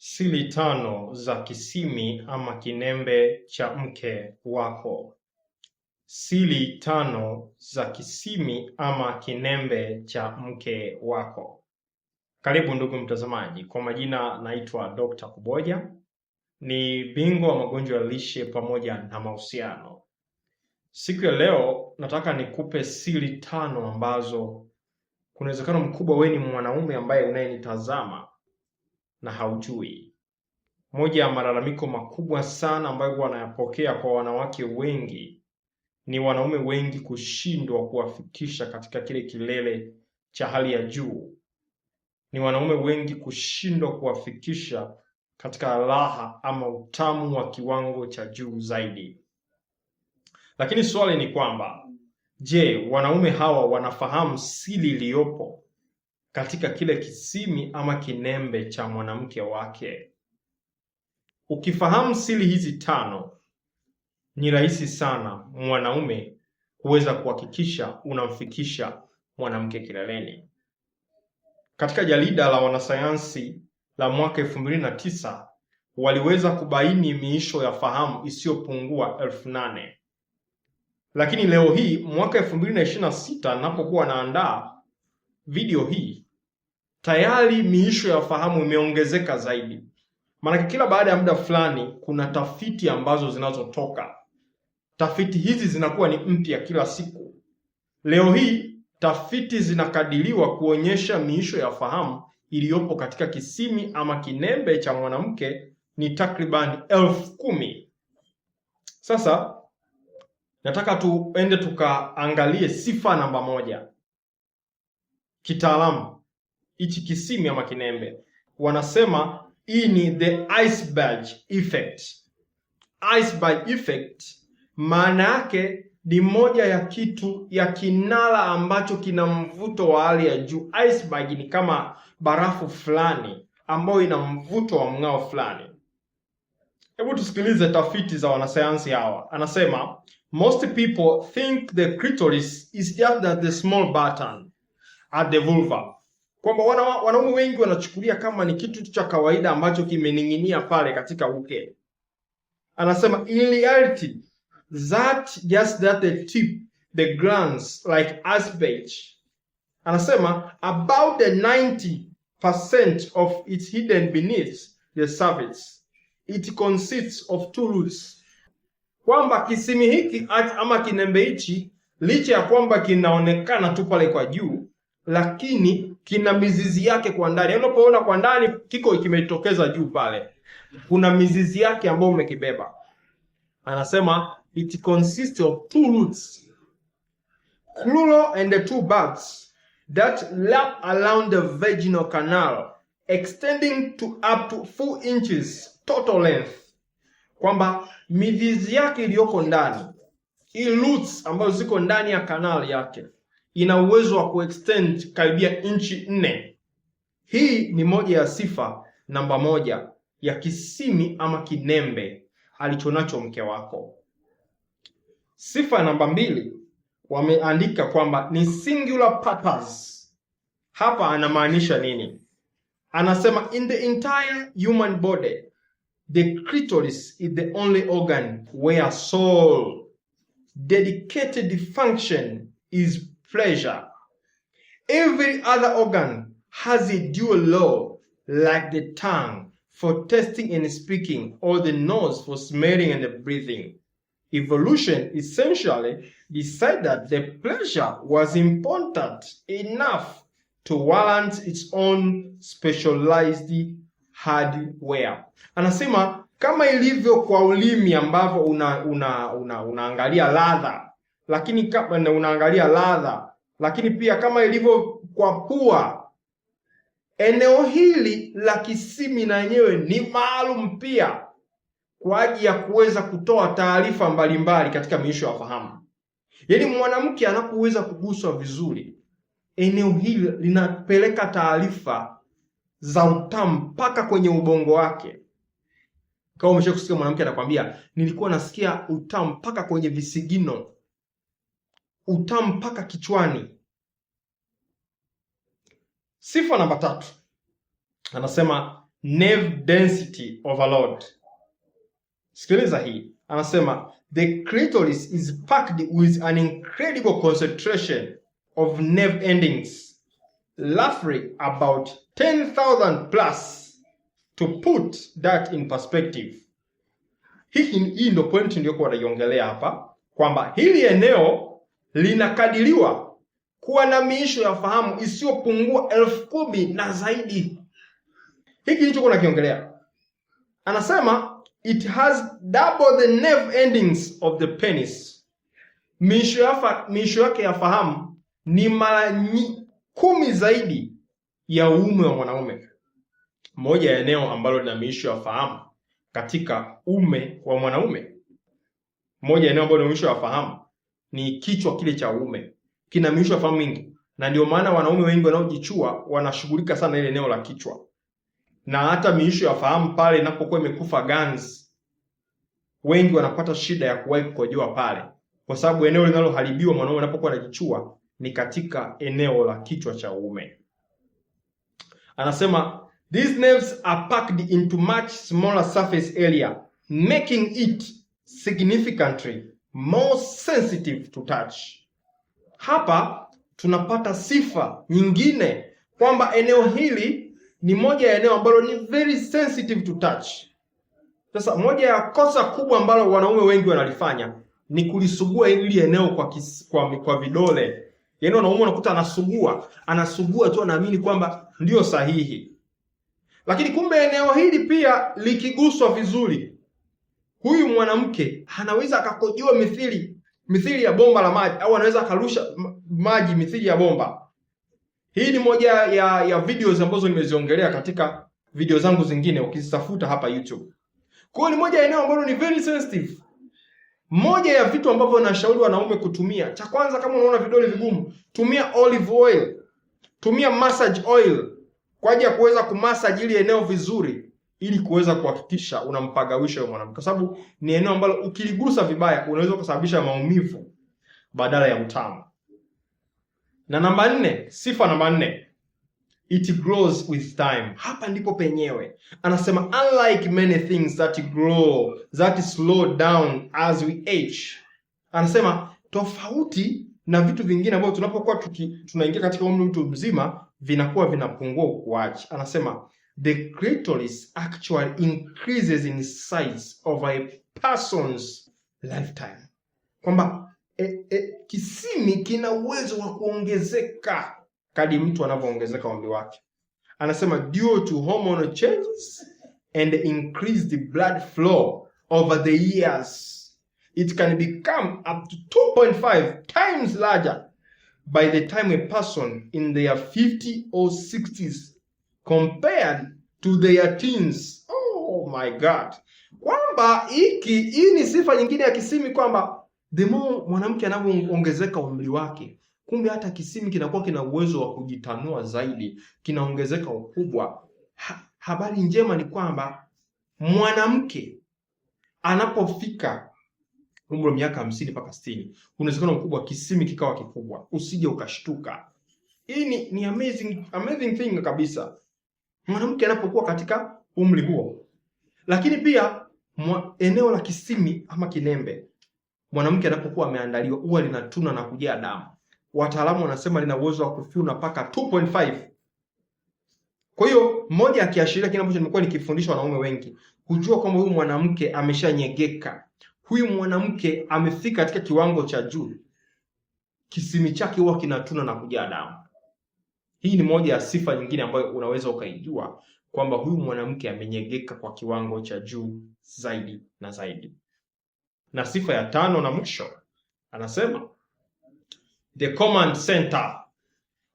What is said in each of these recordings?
sili tano za kisimi ama kinembe cha mke wako. Sili tano za kisimi ama kinembe cha mke wako. Karibu ndugu mtazamaji, kwa majina naitwa Dr. Kuboja, ni bingwa wa magonjwa ya lishe pamoja na mahusiano. Siku ya leo nataka nikupe siri tano ambazo kuna uwezekano mkubwa wewe ni mwanaume ambaye unayenitazama na haujui. Moja ya malalamiko makubwa sana ambayo wanayapokea kwa wanawake wengi ni wanaume wengi kushindwa kuwafikisha katika kile kilele cha hali ya juu, ni wanaume wengi kushindwa kuwafikisha katika raha ama utamu wa kiwango cha juu zaidi. Lakini swali ni kwamba, je, wanaume hawa wanafahamu siri iliyopo katika kile kisimi ama kinembe cha mwanamke wake. Ukifahamu siri hizi tano, ni rahisi sana mwanaume kuweza kuhakikisha unamfikisha mwanamke kileleni. Katika jarida la wanasayansi la mwaka elfu mbili na tisa waliweza kubaini miisho ya fahamu isiyopungua elfu nane lakini leo hii mwaka elfu mbili na ishirini na sita napokuwa naandaa video hii tayari miisho ya fahamu imeongezeka zaidi. Maanake kila baada ya muda fulani kuna tafiti ambazo zinazotoka. Tafiti hizi zinakuwa ni mpya kila siku. Leo hii tafiti zinakadiriwa kuonyesha miisho ya fahamu iliyopo katika kisimi ama kinembe cha mwanamke ni takriban elfu kumi. Sasa nataka tuende tukaangalie sifa namba moja kitaalamu hichi kisimu ama kinembe, wanasema hii ni the iceberg effect. Iceberg effect maana yake ni moja ya kitu ya kinara ambacho kina mvuto wa hali ya juu. Iceberg ni kama barafu fulani ambayo ina mvuto wa mng'ao fulani. Hebu tusikilize tafiti za wanasayansi hawa. Anasema most people think the clitoris is just the small button at the vulva kwamba wana, wanaume wengi wanachukulia kama ni kitu cha kawaida ambacho kimening'inia pale katika uke. Anasema in reality that just that the tip the glance like aspect. Anasema about the 90% of it hidden beneath the surface it consists of two roots, kwamba kisimi hiki ama kinembe hichi licha ya kwamba kinaonekana tu pale kwa juu, lakini kina mizizi yake kwa ndani. Yaani unapoona kwa ndani kiko kimetokeza juu pale. Kuna mizizi yake ambayo umekibeba. Anasema it consists of two roots. Plural and the two buds that lap around the vaginal canal extending to up to 4 inches total length, kwamba mizizi yake iliyoko ndani, hii roots ambazo ziko ndani ya kanali yake ina uwezo wa kuextend karibia inchi nne. Hii ni moja ya sifa namba moja ya kisimi ama kinembe alichonacho mke wako. Sifa namba mbili wameandika kwamba ni singular purpose. Hapa anamaanisha nini? Anasema in the entire human body the clitoris is the only organ where soul dedicated function is pleasure. Every other organ has a dual law, like the tongue for tasting and speaking, or the nose for smelling and breathing. Evolution essentially decided that the pleasure was important enough to warrant its own specialized hardware. Anasema kama ilivyo kwa ulimi ambavyo una, una, una, unaangalia ladha lakini kama unaangalia ladha, lakini pia kama ilivyo kwa pua, eneo hili la kisimi na yenyewe ni maalum pia kwa ajili ya kuweza kutoa taarifa mbalimbali katika miisho ya fahamu. Yaani mwanamke anapoweza kuguswa vizuri, eneo hili linapeleka taarifa za utamu mpaka kwenye ubongo wake. Kama umeshakusikia mwanamke anakwambia, nilikuwa nasikia utamu mpaka kwenye visigino utamu mpaka kichwani. Sifa namba tatu anasema nerve density overload. Sikiliza hii, anasema the clitoris is packed with an incredible concentration of nerve endings roughly about 10,000 plus. To put that in perspective, hii ndio point niliyokuwa naiongelea hapa kwamba hili eneo linakadiriwa kuwa na miisho ya fahamu isiyopungua elfu kumi na zaidi. Hiki ndicho kiongelea anasema it has double the nerve endings of the penis. Miisho ya miisho yake ya fahamu ni mara kumi zaidi ya uume wa mwanaume. Moja ya eneo ambalo lina miisho ya fahamu katika ume wa mwanaume, moja ya eneo ambalo lina miisho ya fahamu ni kichwa kile cha uume, kina mishwa ya fahamu mingi, na ndio maana wanaume wengi wanaojichua wanashughulika sana ile eneo la kichwa, na hata miisho ya fahamu pale inapokuwa imekufa ganzi, wengi wanapata shida ya kuwahi kukojoa pale, kwa sababu eneo linaloharibiwa mwanaume anapokuwa anajichua ni katika eneo la kichwa cha uume. Anasema these nerves are packed into much smaller surface area making it significantly more sensitive to touch. Hapa tunapata sifa nyingine kwamba eneo hili ni moja ya eneo ambalo ni very sensitive to touch. Sasa moja ya kosa kubwa ambalo wanaume wengi wanalifanya ni kulisugua hili eneo kwa, kis, kwa, kwa vidole. Yaani wanaume wanakuta anasugua, anasugua tu anaamini kwamba ndiyo sahihi. Lakini kumbe eneo hili pia likiguswa vizuri huyu mwanamke anaweza akakojoa mithili mithili ya bomba la maji au anaweza akarusha maji mithili ya bomba. Hii ni moja ya, ya videos ambazo nimeziongelea katika video zangu zingine ukizitafuta hapa YouTube. Kwa hiyo ni moja ya eneo ambalo ni very sensitive. Moja ya vitu ambavyo nashauri wanaume kutumia, cha kwanza, kama unaona vidole vigumu, tumia olive oil, tumia massage oil kwa ajili ya kuweza kumassage ili eneo vizuri ili kuweza kuhakikisha unampagawisha huyo mwanamke, kwa sababu ni eneo ambalo ukiligusa vibaya unaweza kusababisha maumivu badala ya utamu. Na namba nne, sifa namba nne, it grows with time. Hapa ndipo penyewe anasema, unlike many things that grow that slow down as we age. Anasema tofauti na vitu vingine ambavyo tunapokuwa tunaingia katika umri mtu mzima vinakuwa vinapungua ukuaji. Anasema the clitoris actually increases in size over a person's lifetime, kwamba e, e, kisimi kina uwezo wa kuongezeka kadi mtu anavyoongezeka umri wake. Anasema due to hormonal changes and increased blood flow over the years it can become up to 2.5 times larger by the time a person in their 50 or 60s compared to their teens. Oh my God, kwamba hiki hii ni sifa nyingine ya kisimi, kwamba the more mwanamke anavyoongezeka umri wake, kumbe hata kisimi kinakuwa kina uwezo wa kujitanua zaidi, kinaongezeka ukubwa. Ha, habari njema ni kwamba mwanamke anapofika umri wa miaka hamsini mpaka sitini unawezekana ukubwa kisimi kikawa kikubwa, usije ukashtuka. Hii ni, ni amazing, amazing thing kabisa mwanamke anapokuwa katika umri huo. Lakini pia mwa, eneo la kisimi ama kinembe mwanamke anapokuwa ameandaliwa huwa linatuna na kujaa damu. Wataalamu wanasema lina uwezo wa kufyuna mpaka 2.5. Kwa hiyo mmoja akiashiria kile ambacho nimekuwa nikifundisha wanaume wengi, kujua kwamba huyu mwanamke ameshanyegeka, huyu mwanamke amefika katika kiwango cha juu, kisimi chake huwa kinatuna na kujaa damu. Hii ni moja ya sifa nyingine ambayo unaweza ukaijua kwamba huyu mwanamke amenyegeka kwa kiwango cha juu zaidi na zaidi. Na sifa ya tano na mwisho anasema the command center.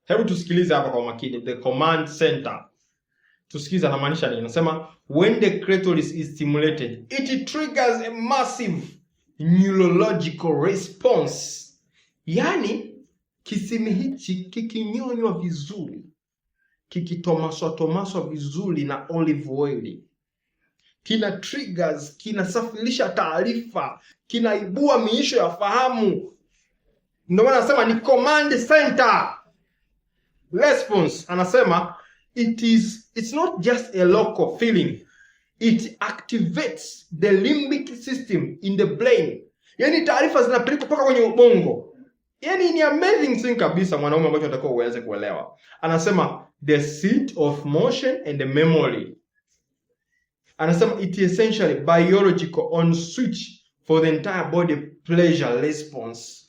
Hebu tusikilize hapa kwa makini, the command center. Tusikilize anamaanisha nini? Anasema when the clitoris is stimulated it triggers a massive neurological response, yani Kisimi hichi kikinyonywa vizuri, kikitomaswa tomaswa vizuri na olive oil, kina triggers, kinasafirisha taarifa, kinaibua miisho ya fahamu. Ndio maana anasema ni command center response. Anasema it is, it's not just a local feeling it activates the limbic system in the brain, yaani taarifa zinapelekwa mpaka kwenye ubongo yani ni amazing thing kabisa mwanaume, ambacho unatakiwa uweze kuelewa. Anasema the seat of motion and the memory, anasema it is essentially biological on switch for the entire body pleasure response.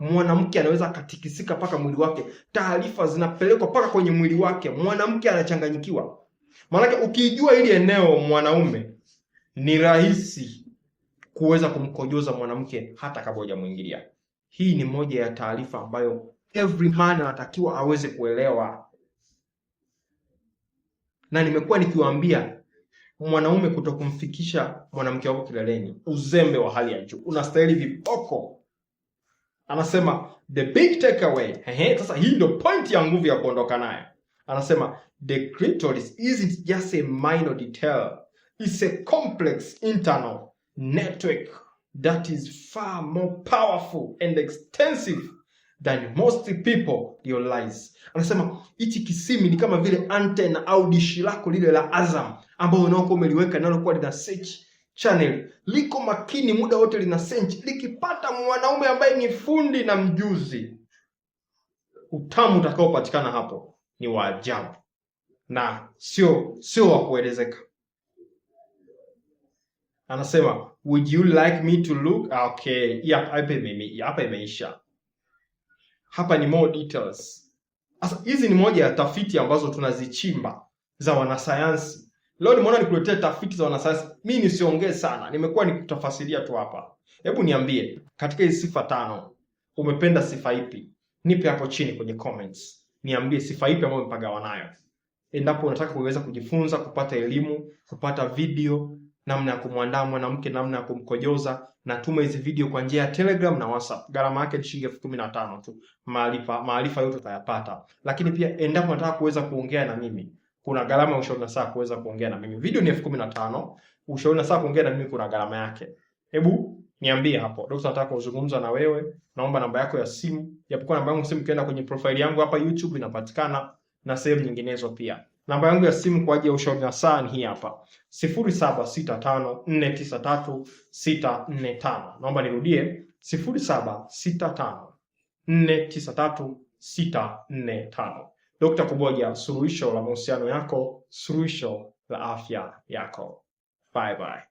Mwanamke anaweza akatikisika mpaka mwili wake, taarifa zinapelekwa mpaka kwenye mwili wake, mwanamke anachanganyikiwa. Maanake ukijua ili eneo mwanaume, ni rahisi kuweza kumkojoza mwanamke hata kabla hujamwingilia. Hii ni moja ya taarifa ambayo every man anatakiwa aweze kuelewa, na nimekuwa nikiwaambia mwanaume kutokumfikisha mwanamke wako kileleni, uzembe wa hali ya juu, unastahili viboko. Anasema the big takeaway. Ehe, sasa hii ndio point ya nguvu ya kuondoka nayo. Anasema the clitoris isn't just a minor detail, it's a complex internal network that is far more powerful and extensive than most people realize. Anasema hichi kisimi ni kama vile antena au dishi lako lile la Azam ambao unaokuwa umeliweka linalokuwa lina search channel, liko makini muda wote lina search, likipata mwanaume ambaye ni fundi na mjuzi, utamu utakaopatikana hapo ni wa ajabu na sio sio wa kuelezeka anasema would you like me to look? Ah, okay, hii hapa ime hapa imeisha. Hapa ni more details. Sasa hizi ni moja ya tafiti ambazo tunazichimba za wanasayansi. Leo nimeona nikuletea tafiti za wanasayansi. Mimi nisiongee sana, nimekuwa nikutafasiria tu hapa. Hebu niambie katika hizi sifa tano umependa sifa ipi? Nipe hapo chini kwenye comments, niambie sifa ipi ambayo umepagawa nayo, endapo unataka kuweza kujifunza, kupata elimu, kupata video namna ya kumwandaa mwanamke, namna ya kumkojoza, na tuma hizi video kwa njia ya Telegram na WhatsApp. Gharama yake ni shilingi elfu kumi na tano tu. Maarifa maarifa yote utayapata, lakini pia endapo unataka kuweza kuongea na mimi kuna gharama ya ushauri nasaha kuweza kuongea na mimi. Video ni elfu kumi na tano. Ushauri nasaha kuongea na mimi kuna gharama yake. Hebu niambie hapo, dokta, nataka kuzungumza na wewe, naomba namba yako ya simu. Japokuwa namba yangu simu ukienda kwenye profile yangu hapa YouTube inapatikana na sehemu nyinginezo pia. Namba yangu ya simu kwa ajili ya ushauri na saa ni hii hapa 0765493645. Naomba nirudie 0765493645. Dr. Kuboja, suluhisho la mahusiano yako, suluhisho la afya yako. Bye bye.